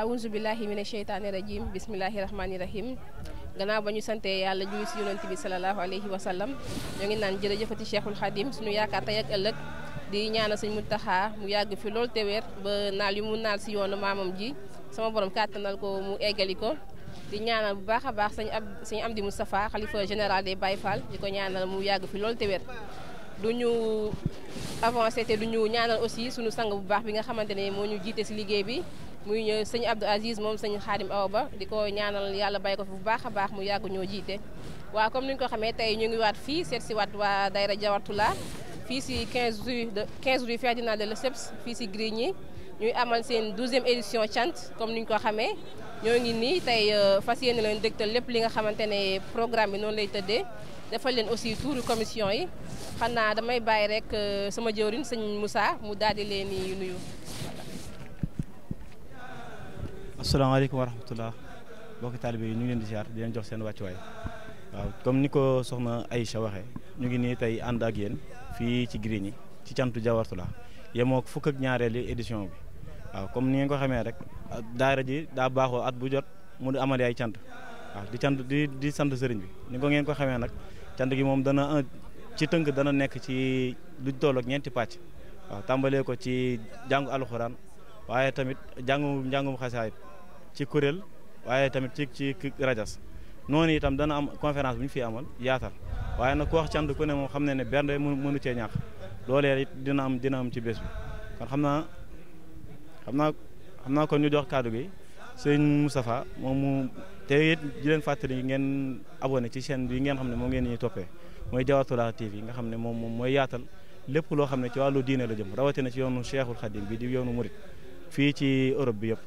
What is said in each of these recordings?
awuzu billahi mina sheytaani rajim bismillahi rahmaani rahim gannaaw ba ñu sante yàlla julli si yonent bi salallaahu alayhi wa sallam ñoo ngi naan jërëjëfati cheikhul xadim suñu yaakaar tey ak ëllëg di ñaanal sëñ Muntaxa mu yàgg fi loolu te ba naal yu mu naal si yoonu maamam ji sama borom kàttanal ko mu eggali ko di ñaanal bu baax a baax sëñ ab sëñ Amdi Moustapha xalifa général des Baye Fall di ko ñaanal mu yàgg fi lool te wér du ñu avancé te du ñu ñaanal aussi suñu sang bu baax bi nga xamante ne moo ñu jiite si liggéey bi muy ñëw euh, sëñ Abdou Aziz moom sëñ Xaadim Awa Ba di ko ñaanal yàlla bay ko fi bu baax a baax mu yàgg ñoo jiite waaw comme ni ñu ko xamee tey ñu ngi waat fii seet si waat waa Daayira Jawartulaa fii si 15 rue de 15 rue Ferdinand de Lesseps fii si Grigny ñuy amal seen 12e édition cant comme ni ñu ko xamee ñoo ngi nii tey euh, fas yéene leen dégtal lépp li nga xamante ne programme bi noonu lay tëddee defal leen aussi tuuru commission yi xanaa damay bàyyi rek euh, sama jëwriñ sëñ Moussa mu daal di leen nuyu. asalaamaaleykum wa rahmatullah mbokki taalibe yi ñu ngi leen di ziar di leen jox seen wàccuwaay waaw comme ni ko soxna Aïcha waxee ñu ngi nii tey ànd ak yéen fii ci Grigny ci cantu Jawartulaa yemoo fukk ak ñaareeli édition bi waaw comme ni ngeen ko xamee rek daara ji daa baaxoo at bu jot mu di amale ay cant waaw di cant di di sant sëriñ bi ni ko ngeen ko xamee nag cant gi moom dana ci tënk dana nekk ci lu toll ak ñeenti pàcc waaw tàmbalee ko ci jangu alxuraan waaye tamit jàngu njàngum xasaayit ci kuréel waaye tamit ci ci rajas noonu itam dana am conférence bu ñu fi amal yaatal waaye nag ku wax cant ku ne moom xam ne ne bernde mënu cee ñàkk loolee it dina am dina am ci bés bi kon xam naa xam na xam kon ñu jox kàddu gi sëñ Moustapha moom mu te it di leen fàttali ngeen abonné ci chaîne bii ngeen xam ne moom ngeen ñuy toppee mooy Diawartoulah TV nga xam ne moom moom mooy yaatal lépp loo xam ne ci wàllu diine la jëm rawatina ci yoonu Cheikhul Khadim bi di yoonu Murit fii ci Europe bi yëpp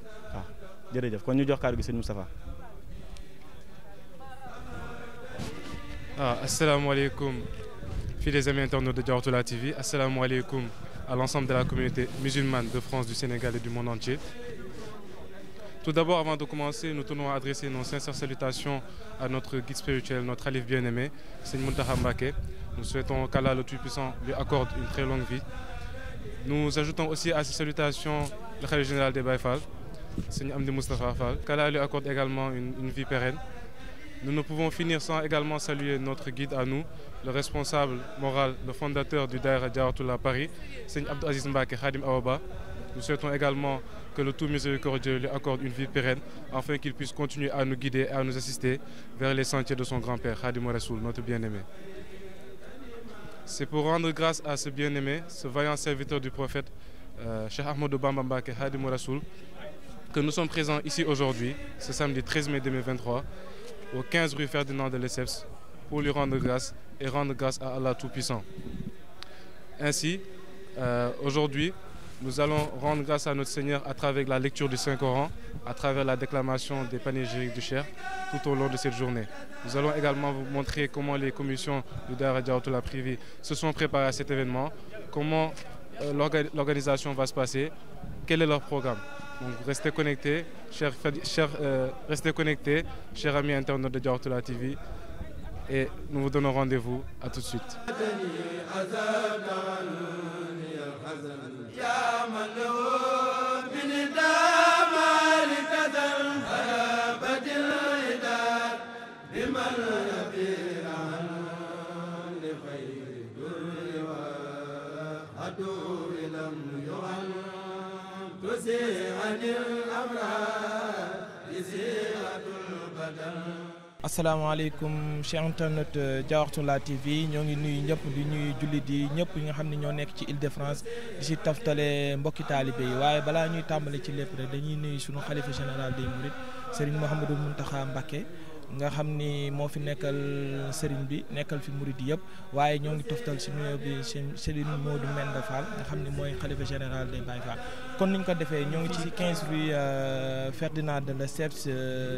jërëjëf kon ñu jox ah, amis internautes de la TV alaikum à l'ensemble de la communauté musulmane de France du Sénégal et du monde entier. Tout d'abord, avant de commencer, nous tenons à adresser nos sincères salutations à notre guide spirituel, notre alif bien-aimé, Seigneur Muntaha Nous souhaitons qu'Allah le Tout-Puissant lui accorde une très longue vie. Nous ajoutons aussi à ces salutations le Khalif général des Baïfals, Seigneur Amdi Mustafa Fall. Qu'Allah lui accorde également une, vie pérenne. Nous ne pouvons finir sans également saluer notre guide à nous, le responsable moral, le fondateur du Daïra à Paris, Seigneur Abdou Aziz Mbake Hadim Awaba. Nous souhaitons également que le tout miséricordieux lui accorde une vie pérenne afin qu'il puisse continuer à nous guider et à nous assister vers les sentiers de son grand-père, Hadim Rasoul, notre bien-aimé. C'est pour rendre grâce à ce bien-aimé, ce vaillant serviteur du prophète, euh, Cheikh Ahmadou Bamba Hadim Hadim Rasoul, que nous sommes présents ici aujourd'hui, ce samedi 13 mai 2023, au 15 rue Ferdinand de Lesseps, pour lui rendre grâce et rendre grâce à Allah Tout-Puissant. Ainsi, euh, aujourd'hui, nous allons rendre grâce à notre Seigneur à travers la lecture du Saint-Coran, à travers la déclamation des panégyriques du Cher tout au long de cette journée. Nous allons également vous montrer comment les commissions du Dara la Privé se sont préparées à cet événement, comment euh, l'organisation va se passer, quel est leur programme. Donc restez connectés, chers, chers, euh, restez connectés, chers amis internautes de Diortola TV. Et nous vous donnons rendez-vous. À tout de suite. asalaamaaleykum chers internet euh, Diawartoulah TV ñoo ngi nuyu ñëpp di ñuy jullit di ñëpp yi nga xam ne ñoo nekk ci Île de France di si taftale mbokki taalibe yi waaye balaa ñuy tàmbali ci lépp rek dañuy nuyu suñu xalifa général des Mourides Serigne Mouhamadou Mountakha Mbacké nga xamni mo fi nekkal serigne bi nekkal fi mouride yeb waye ñoo ngi toftal ci nuyoo bi Serigne Modou Menda Fall nga xamni moy khalifa général de Baye Fall kon niñ ko defé ñoo ngi ci 15 rue Ferdinand de Lesseps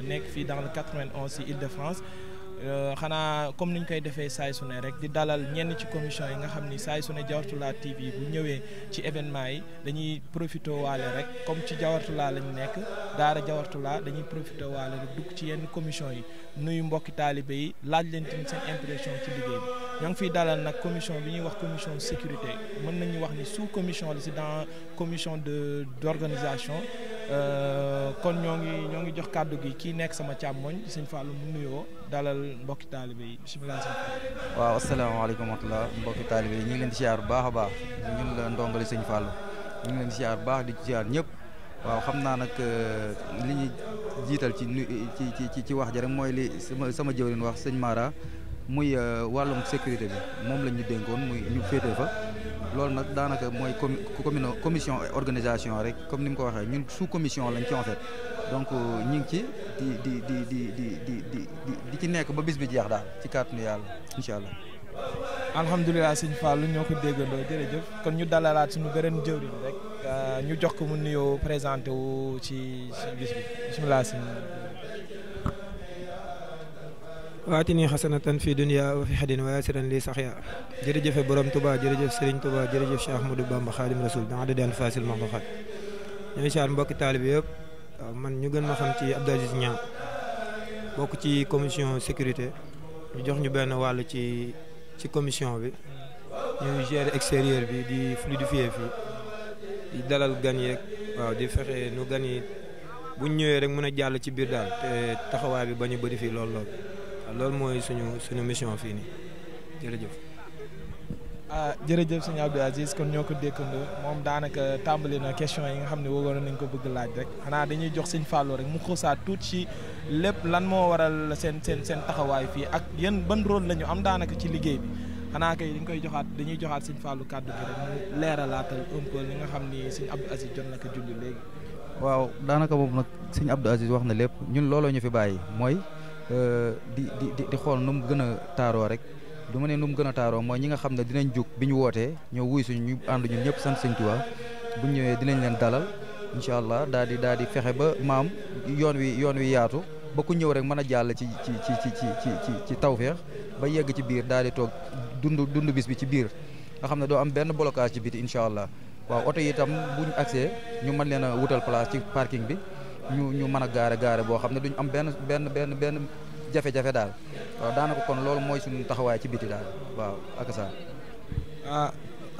nekk fi dans le 91 si Île-de-France Euh, xanaa comme ni ñu koy defee saay su ne rek di dalal ñenn ci commission yi nga xam ni saay su ne Jawartulaa TV bu ñëwee ci événement yi dañuy profité waale rek comme ci Jawartulaa lañ nekk daara Jawartulaa dañuy profité waale rek dugg ci yenn commission yi nuyu mbokki taalibe yi laaj leen tamit seen impression ci liggéey bi ñoo ngi fiy dalal nag commission bi ñuy wax commission sécurité mën nañu wax ni su commission la si dans commission de d' organisation Euh, kon ñoo ngi ñoo ngi jox kàddu gi ci nekk sama càmmoñ sëñ fàll mu nuyoo dalal mbokki taalibe yi bisimilah. waaw asalaamaaleykum wa rahmatulah mbokki taalibe yi ñu ngi leen di siyaar bu baax a baax ñun la ndongole sëñ Fallou ñu ngi leen di siyaar baax di siyaar ñëpp waaw xam naa nag euh, li ñu jiital ci ci ci ci wax ja rek mooy li sama sama jëwriñ wax sëñ Mara muy euh, wàllum sécurité bi moom la ñu dénkoon muy ñu féetee fa. loolu nag daanaka mooy commission organisation rek comme sous commission en fait donc euh, ñu ci di di di di di di di di ci nekk ba bis bi jeex daal ci kàttanu yàlla incha allah. alhamdulilah sëñ ñoo ko déggandoo kon ñu dalalaat suñu jëwriñ rek euh, ñu jox ko واعطني حسنة في دنيا وفي حد ويسرا لي سخيا جري جف برام توبا جري جف سرين توبا جري جف شيخ مود بامبا خادم رسول دا نعم، عدد انفاس المخلوقات ني شار مبوك طالب ييب آه، مان ني گن ما خام تي عبد العزيز نيا نعم. تي كوميسيون سيكوريتي ني جوخ ني تي تي كوميسيون بي ني جير اكستيريور بي دي فلويديفيه في دي دلال غاني آه، واو دي فخي نو غاني بو نيوي رك مونا تي بير دال بي باني بري في لول loolu mooy suñu suñu mission fii nii jërëjëf. ah jërëjëf suñu Abdou Aziz kon ñoo ko dékkandoo moom daanaka tàmbali na question yi nga xam ne wóoroon nañ ko bëgg laaj rek xanaa dañuy jox sëñ Fallou rek mu xuusaat tuuti ci lépp lan moo waral seen seen seen taxawaay fii ak yéen ban rôle la ñu am daanaka ci liggéey bi xanaa kay dañ koy joxaat dañuy joxaat sëñ Fallou kàddu gi rek mu leeralaatal un peu li nga xam ni sëñ Abdou Aziz jot na ko léegi. waaw daanaka moom nag sëñ Abdou Aziz wax na lépp ñun looloo ñu fi bàyyi mooy. Euh, di di di xool nu mu gën a taaroo rek du ma ne nu mu gën a taaroo mooy ñi nga xam ne dinañ jug bi ñu wootee ñoo wuy suñ ñu ànduñu ñun ñëpp sant sëñ Tuubaa bu ñëwee dinañ leen dalal incha allah daal di daal di fexe ba maam yoon wi yoon wi yaatu ba ku ñëw rek mën a jàll ci ci ci ci ci ci ci tawféex ba yegg ci biir daal di toog dund dund bis bi ci biir nga xam ne doo am benn blocage ci biti incha allah waaw oto yi itam buñ accès ñu mën leen a wutal place ci parking bi. ñu ñu mën a gaare gaare boo xam ne duñ am benn benn benn benn jafe-jafe daal waaw daanaka kon loolu mooy suñu taxawaay ci biti daal waaw ak sa ah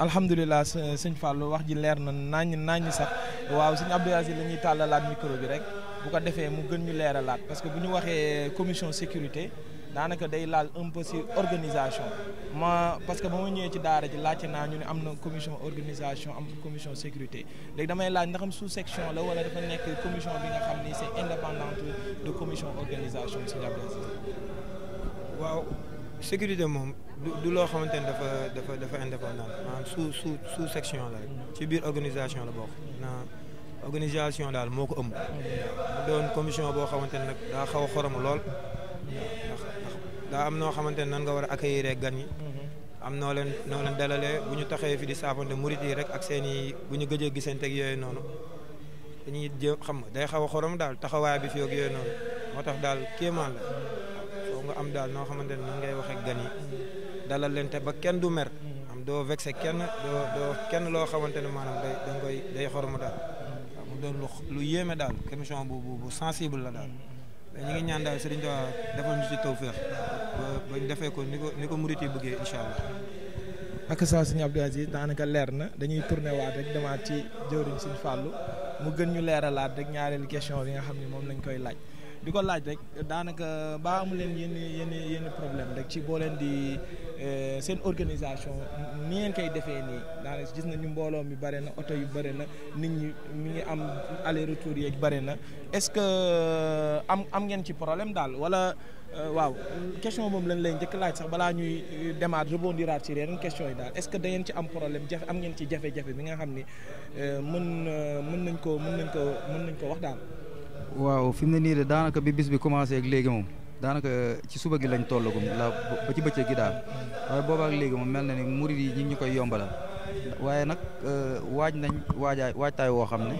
alhamdulilah sëñ Fallou wax ji leer na naññ naññ sax waaw sëñ Abdou Aziz la ñuy tàllalaat micro bi rek bu ko defee mu gën ñu leeralaat parce que bu ñu waxee commission sécurité daanaka day laal un peu si organisation ma parce que ba ma ñëwee ci daara ji laajte naa ñu ne am na commission organisation am commission sécurité léegi damay laaj ndax am sous section la wala dafa nekk commission bi nga xam ni c'est indépendante de commission organisation si la waaw sécurité moom du du loo xamante ne dafa dafa dafa indépendant maanaam sous sous section la rek ci biir organisation la bokk na organisation daal moo ko ëmb mm-hmm. doon boo xamante ne nag daa xaw lool daa am noo xamante ne nan nga war a accueillir gan yi mm-hmm. am noo leen noo leen dalalee bu ñu taxee fi di saafante murit yi rek ak seeni bu ñu gëjee gisante ak yooyu noonu dañuy jéem xam nga day xaw a xorom daal taxawaay bi fi ak yooyu noonu moo tax daal kéemaan la foo nga am daal noo xamante ne nan ngay waxee gan yi mm-hmm. dalal leen te ba kenn du mer mm-hmm. am doo vexé kenn doo kenn loo xamante ne maanaam day danga koy xorom daal mu doon lu lu yéeme daal émission bu bu sensible la mais ñu ngi ñaan daal Serigne Touba defal ñu ci tawféex ba ba ñu defee ko ni ko ni ko murit yi bëggee incha allah. ak saa suñu Abdou Aziz daanaka leer na dañuy tourné waat rek demaat ci jëwriñ suñu fàllu mu gën ñu leeralaat rek ñaareelu question bi nga xam ne moom lañ koy laaj. di ko laaj rek daanaka ba amu leen yenn yenn yenn problème rek ci boo leen di eh, seen organisation ni ngeen koy defee nii daanaka gis nañu mbooloo mi bare na oto yu bare na nit ñi mi ngi am aller retour yeeg bare na est-ce que am am ngeen ci problème daal wala eh, waaw question boobu lañ lay njëkk laaj sax balaa ñuy demaat rebondiraat ci yeneen question yi daal est-ce que da ngeen ci am problème jafe am ngeen ci jafe-jafe bi nga xam ni eh, mën mën nañ ko mën nañ ko mën nañ ko wax daal waaw fi mu ne nii de daanaka bi bis bi commencé ak léegi moom daanaka ci suba gi lañ tollagum la ba ci gi daal waaye boobaak léegi moom mel na ni murid yi ñu koy ñu koy yombalal waaye nag euh, waaj nañ waajaay waajtaay woo xam ne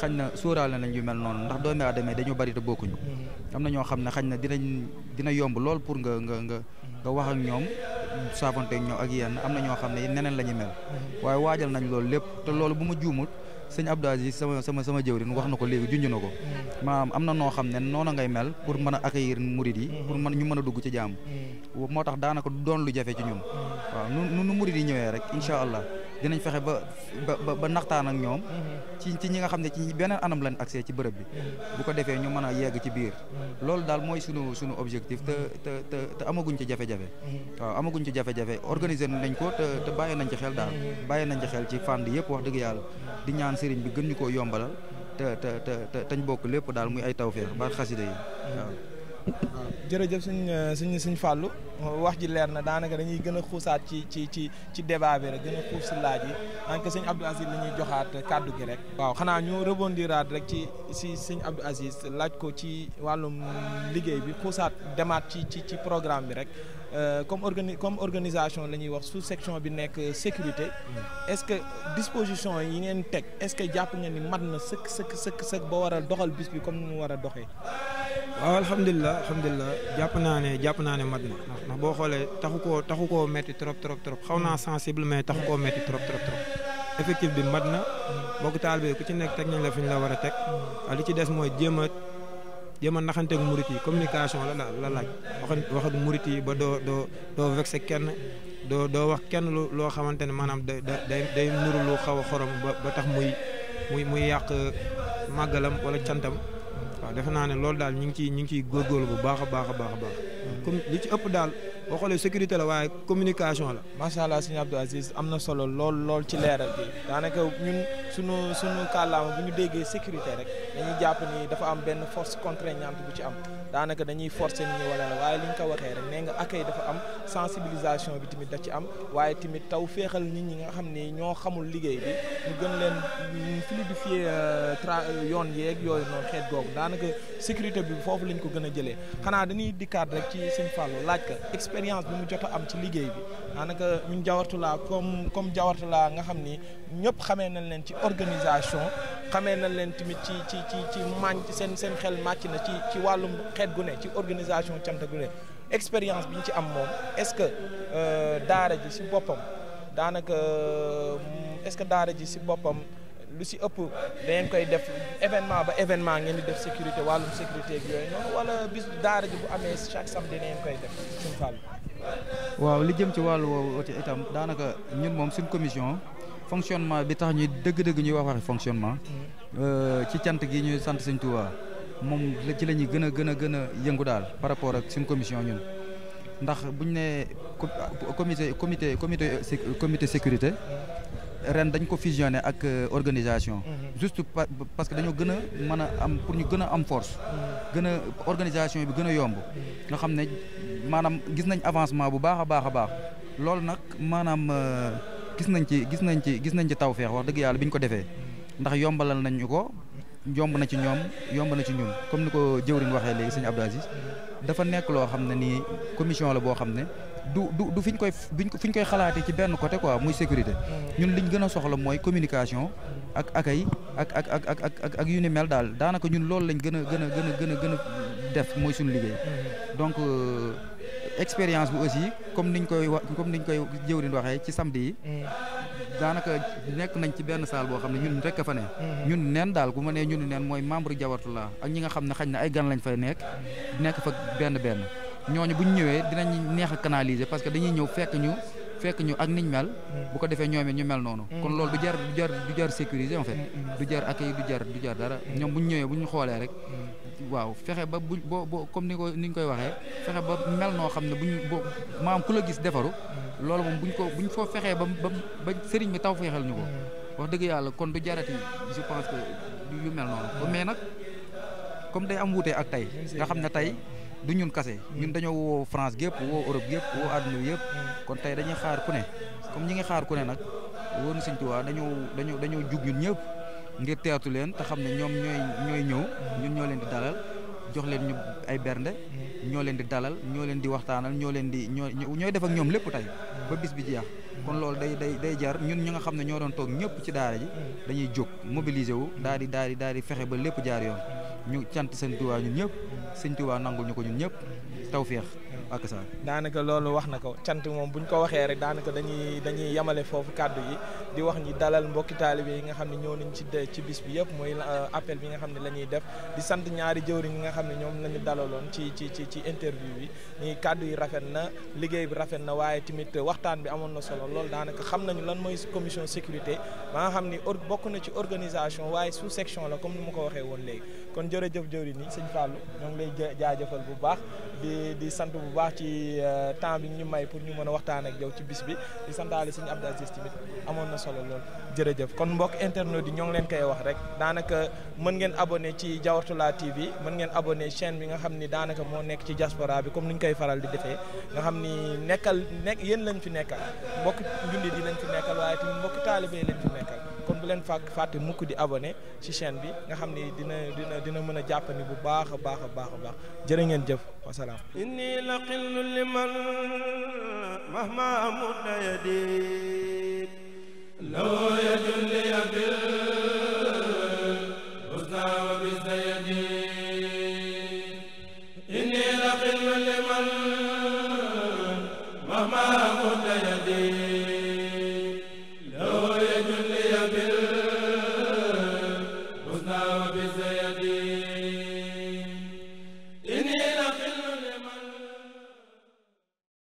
xañ na sóoraale nañ yu mel noonu ndax doomi aadama dañoo bari te bokkuñu am na ñoo xam ne xañ na dinañ dina yomb lool pour nga nga nga nga wax ak ñoom saafonte ak ñoom ak na ñoo xam ne neneen la ñu mel waajal nañ loolu lépp te loolu bu ma juumul sëñ Abdou Aziz sama sama sama jëwrin wax na ko léegi junj na ko maanaam am na noo xam ne noonu ngay mel pour mën a accueillir murid yi pour mën ñu mën a dugg ci jàmm mm. moo tax daanaka doon lu jafe ci ñun mm. waaw nu nu murid ñëwee rek incha allah dinañ fexe ba ba ba naxtaan ak ñoom. Mhm. ci ci ñi nga xam ne ci beneen anam lañ accès ci bërëb bi. Mhm. bu ko defee ñu mën a yegg ci biir. Mhm. loolu daal mooy sunu sunu objectif te te te te amaguñ ci jafe-jafe. waaw amaguñ ci jafe-jafe organiser nañ ko te te bàyyi nañ ci xel daal. bàyyi nañ ci xel ci fànn yëpp wax dëgg yàlla di ñaan sëriñ bi gën ñu koo yombalal te te te te tañ bokk lépp daal muy ay tawféex ba xasida yi jërëjëf suñ suñ suñ fàllu wax ji leer na daanaka dañuy gën a xuusaat ci ci ci ci débat bi rek gën a laaj yi en que sëñ Abdou Aziz la ñuy joxaat kàddu gi rek. waaw xanaa ñu rebondiraat rek ci si sëñ Abdou Aziz laaj ko ci wàllum liggéey bi xuusaat demaat ci ci ci programme bi rek euh, comme organi comme organisation la ñuy wax su section bi nekk sécurité. Mm. est-ce que disposition yi ngeen teg est-ce que jàpp ngeen ni mat na sëkk sëkk sëkk sëkk ba war a doxal bis bi comme ni mu war a doxee. waaw alhamdulilah alhamdulilah jàpp naa ne jàpp naa ne mat na ndax boo xoolee taxu koo taxu koo metti trop trop trop xaw naa sensible mais taxu koo métti trop trop trop effectif bi mat na bokk taal bi ku ci nekk teg nañ la fi ñu la war a teg li ci des mooy jéem a jéem a naxanteeg murit yi communication la la la laaj wax ak murit yi ba doo doo doo kenn doo doo wax kenn lu loo xamante ne maanaam day day day nuru lu xaw a xorom ba tax muy muy muy yàq màggalam wala cantam waaw defe naa ne loolu daal ñu ngi ciy ñu ngi ciy góorgóorlu bu baax a baax a baax a baax mm. comme li ci ëpp daal boo xoolee sécurité la waaye communication la. macha allah sëñ Abdou Aziz am na solo lool lool ci leeral bi daanaka ñun sunu sunu kàllaama bu ñu déggee sécurité rek dañuy jàpp nii dafa am benn force contraignante bu ci am daanaka dañuy forcer nit ñi wala waaye li ñu ko waxee rek nee nga accueil dafa am sensibilisation bi tamit da ci am waaye tamit taw féexal nit ñi nga xam ni ñoo xamul liggéey bi ñu gën leen fluidifier euh, tra yoon yeeg yooyu noonu xeet googu daanaka sécurité bi foofu lañ ko gën a jëlee xanaa dañuy dikkaat rek ci sëñ Fallou laaj ka expérience bi mu jot am ci liggéey bi daanaka ñun Jawartulaa comme comme laa nga xam ni ñëpp xamee nañ leen ci organisation xamee nañ leen tamit ci ci ci ci maañ seen seen xel màcc na ci ci wàllum xeet gu ne ci organisation cant gu ne expérience bi ñu ci am moom est-ce que euh, daara ji si boppam daanaka euh, est-ce que daara ji si boppam. lu si ëpp da ngeen koy def événement ba événement ngeen di def sécurité wàllum sécurité ak yooyu noonu wala bis daara ji bu amee chaque samedi da ngeen koy def suñ fall waaw li jëm ci wàllu woowu itam daanaka ñun moom suñ commission fonctionnement bi tax ñuy dëgg-dëgg ñuy wax waxi fonctionnement mm-hmm. euh, ci cant gi ñuy sant Sëñ Tuubaa moom ci la ñuy gën a gën a gën a yëngu daal par rapport ak suñ commission ñun ndax buñ ne comité comité comité comité sécurité ren dañ ko fusionné ak euh, organisation. Mm-hmm. juste parce que dañoo gën a mën a am pour ñu gën a am force. Mm-hmm. gën a organisation bi gën a yomb. Mm-hmm. nga xam ne maanaam gis nañ avancement bu baax a baax a baax loolu nag maanaam euh, gis nañ ci gis nañ ci gis nañ ci tawféex wax dëgg yàlla bi ñu ko defee ndax yombalal nañ ko. yomb na ci ñoom yomb na ci ñoom comme ni ko jëwriñ waxee léegi sëñ Abdou Aziz dafa nekk loo xam ne nii commission la boo xam ne du du du fi ñu koy fi ñu koy xalaatee ci benn côté quoi muy sécurité ñun liñ gën a soxla mooy communication ak akay ak ak ak ak ak ak ak yu ni mel daal daanaka ñun loolu lañ gën a gën a gën a gën a gën a def mooy suñu liggéey donc euh, expérience bu aussi comme niñ koy wa comme niñ koy jëwriñ waxee ci samedi yi mm. daanaka nekk nañ ci benn saal boo xam ne ñun rek a fa ne mhm. ñun daal bu ma nee ñun neen mooy membre jawartu laa ak xam ne xañ na ay gan lañ fay nekk nekk benn benn ñooñu bu ñu ñëwee dinañ neex a parce que dañuy ñëw fekk ñu fekk ñu ak niñ mel mhm. bu ko defee ñoomee ñu mel noonu kon mhm. loolu du jar du jar du jar sécuriser en fait du jar accueil du jar du jar ñoom bu ñu ñëwee bu ñu xoolee rek waaw fexe ba bu boo boo comme ni ko ni koy waxee fexe ba mel noo xam ne bu ñu maam ku la gis defaru loolu moom buñ ko buñ foo fexee ba ba ba sëriñ bi taw feexal ñu ko mm. wax dëgg yàlla kon du jarati je pense que yu mel noonu mm. mais nag comme day am wuute ak tey nga xam ne tey du ñun kase mm. ñun dañoo woo France gépp woo Europe gépp woo àdduna bi yëpp kon tey dañuy xaar ku ne comme ñi ngi xaar ku ne nag woon Sëñ Tuubaa dañoo dañoo dañoo jug ñun ñëpp ngir teertu leen te xam ne ñoom ñooy ñooy ñëw ñoo leen di dalal jox leen ñu ay bernde ñoo leen di dalal ñoo leen di waxtaanal ñoo leen di ñoo ñooy def ak ñoom lépp tey ba bis bi jeex kon loolu day day day jar ñun ñu nga xam ne ñoo doon toog ñëpp ci daara ji dañuy jóg mobiliser wu daal di daal di daal di fexe ba lépp jaar yoon ñu cant seen Tuubaa ñun ñëpp sëñ Tuubaa nangul ñu ko ñun ñëpp tawféex ak saa daanaka loolu wax na ko cant moom bu ñu ko waxee rek daanaka dañuy dañuy yemale foofu kàddu yi di wax ñi dalal mbokki taalibe yi nga xam ne ñëw nañ ci ci bis bi yëpp mooy euh, appel bi nga xam ne la def di sant ñaari jëwriñ yi nga xam ne ñoom la ñu dalaloon ci ci ci ci interview bi ñi kàddu yi rafet na liggéey bi rafet na waaye tamit waxtaan bi amoon na solo loolu daanaka xam nañu lan mooy commission sécurité ba nga xam ni bokk na ci organisation waaye sous section la comme nu ma ko waxee woon léegi kon jërëjëf jëwriñ yi sëñ Fallou ñoo ngi lay jaajëfal bu baax di di sant bu baax ci euh, temps bi ñu may pour ñu mën a waxtaan ak yow ci bis bi di santaale sëñ Abdou Aziz tamit amoon na solo lool jërëjëf kon mbokk internautes yi ñoo ngi leen koy wax rek daanaka mën ngeen abonné ci Diawartoulah TV mën ngeen abonné chaîne bi nga xam ni daanaka moo nekk ci diaspora bi comme ni ñu koy faral di defee nga xam ni nekkal nekk yéen lañ fi nekkal mbokk jullit di lañ fi nekkal waaye tamit mbokk taalibe lañ leen fàkk fàtte mukk di abone ci chaîne bi nga xam ni dina dina dina mën a jàppandi bu baax a baax a baax a baax jërë ngeen jëf wasalaam inni laqillu liman mahma amudda yadi